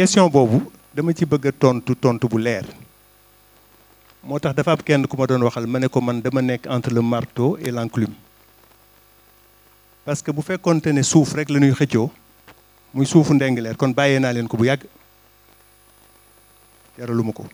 question boobu dama ci bëgg a tontu tontu bu leer moo tax dafa am kenn ku ma doon waxal ma ne ko man dama nekk entre le marteau et l'enclume parce que bu fekkonte ne suuf rek la ñuy xëccoo muy suufu ndengleer kon bàyyee naa leen ko bu yàgg jaraluma ko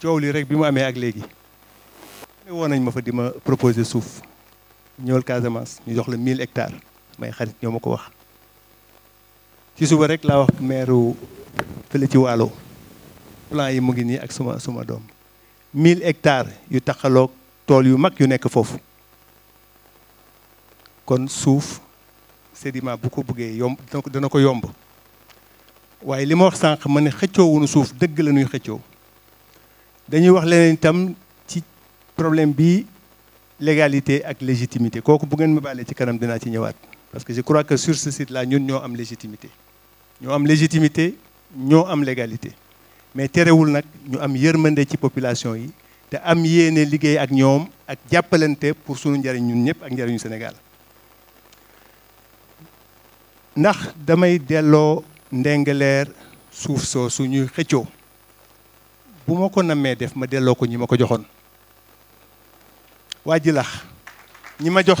coow li rek bi mu amee ak léegi ne woon nañ ma fa di ma proposer suuf ñëwal Casamance ñu jox la 1000 hectares may xarit ñoo ma ko wax ci suba rek laa wax maire fële ci Waalo plan yi mu ngi nii ak suma suma doom mille hectares yu taxaloog tool yu mag yu nekk foofu kon suuf sédiment bu ko bëggee yomb dana ko yomb waaye li ma wax sànq ma ne xëccoo wunu suuf dëgg la ñuy xëccoo dañuy wax leneen itam ci problème bi légalité ak légitimité kooku bu ngeen ma bàllee ci kanam dinaa ci ñëwaat parce que je crois que sur ce site ñun ñoo am légitimité avons la légitimité avons am légalité mais terewul population ñu am yërmande ci population yi te am yéene liggéey ak ñoom ak jàppalante pour suñu njariñ ñun ñëpp ak Sénégal ndax damay delloo ndengaleer suuf soo suñu xëccoo bu ma ko def ma delloo ko ñi ma ko joxoon ñi ma jox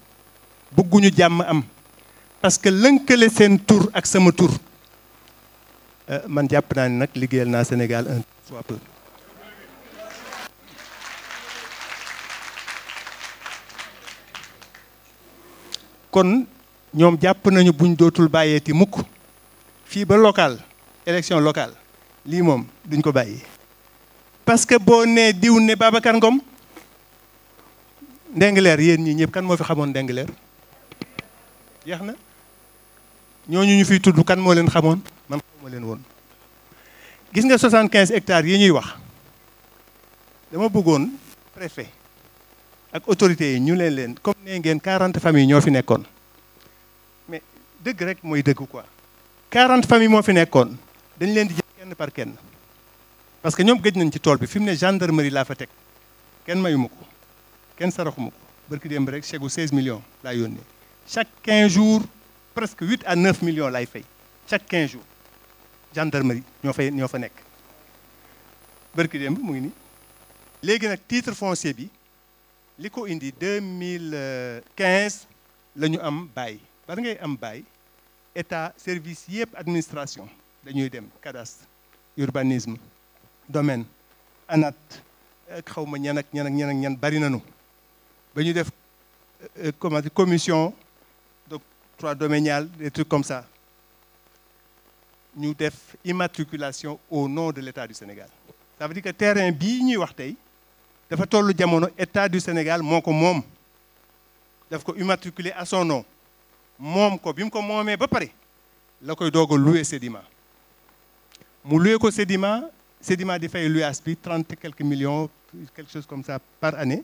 bëgguñu jàmm am parce que lënkale seen les ak sama tour euh, man ni Sénégal un soit peu kon nañu buñ dootul mukk ba local élection locale lii duñ parce que boo nee diw ne Babacar Ngom ñi jeex na ñooñu ñu fiy tudd kan moo leen xamoon man xamuma leen woon gis nga 75 hectares yi ñuy wax dama bëggoon préfet ak autorité yi ñu leen leen comme nee ngeen 40 familles ñoo fi nekkoon mais dëgg rek mooy dëgg quoi 40 familles moo fi nekkoon dañ leen di jël kenn par kenn parce que ñoom gëj nañ ci tool bi fi mu ne gendarmerie laa fa teg kenn mayuma ko kenn saraxuma ko barki démb rek chegu 16 millions laa yónnee chaque 15 jours presque 8 à 9 millions l'a fay chaque 15 jours gendarmerie nous fay ñoo fa C'est ce démb mu titre foncier bi li 2015 nous avons am bail nous ngay am bail état service administration dañuy dem cadastre urbanisme domaine anat xaw ñan ak ñan ak euh, euh, commission octroi des trucs comme ça. Nous def immatriculation au nom de l'État du Sénégal ça veut dire que terrain bii ñuy wax tey dafa tollu jamono État du Sénégal moi comme moom daf ko immatriculer à son nom moom ko bi mu ko Donc, ba pare la louer sédiment. a louer Sedima mu ses ko il Sedima di lui luyaas 30 quelques millions quelque chose comme ça par année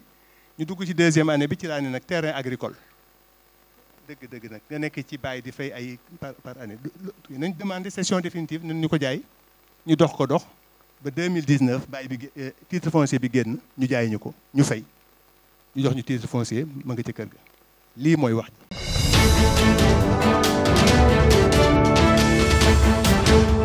ñu dugg ci deuxième année bi ci laa ne terrain agricole deug deug nak da nek ci bàyyi di fay ay par par année nañ demandé session définitive nañ ñu ko jaay ñu dox ko dox ba 2019 bàyyi bi euh, titre foncier bi genn ñu jaay ñuko ñu fay ñu dox ñu titre foncier ma nga ci kër ga li moy wax ji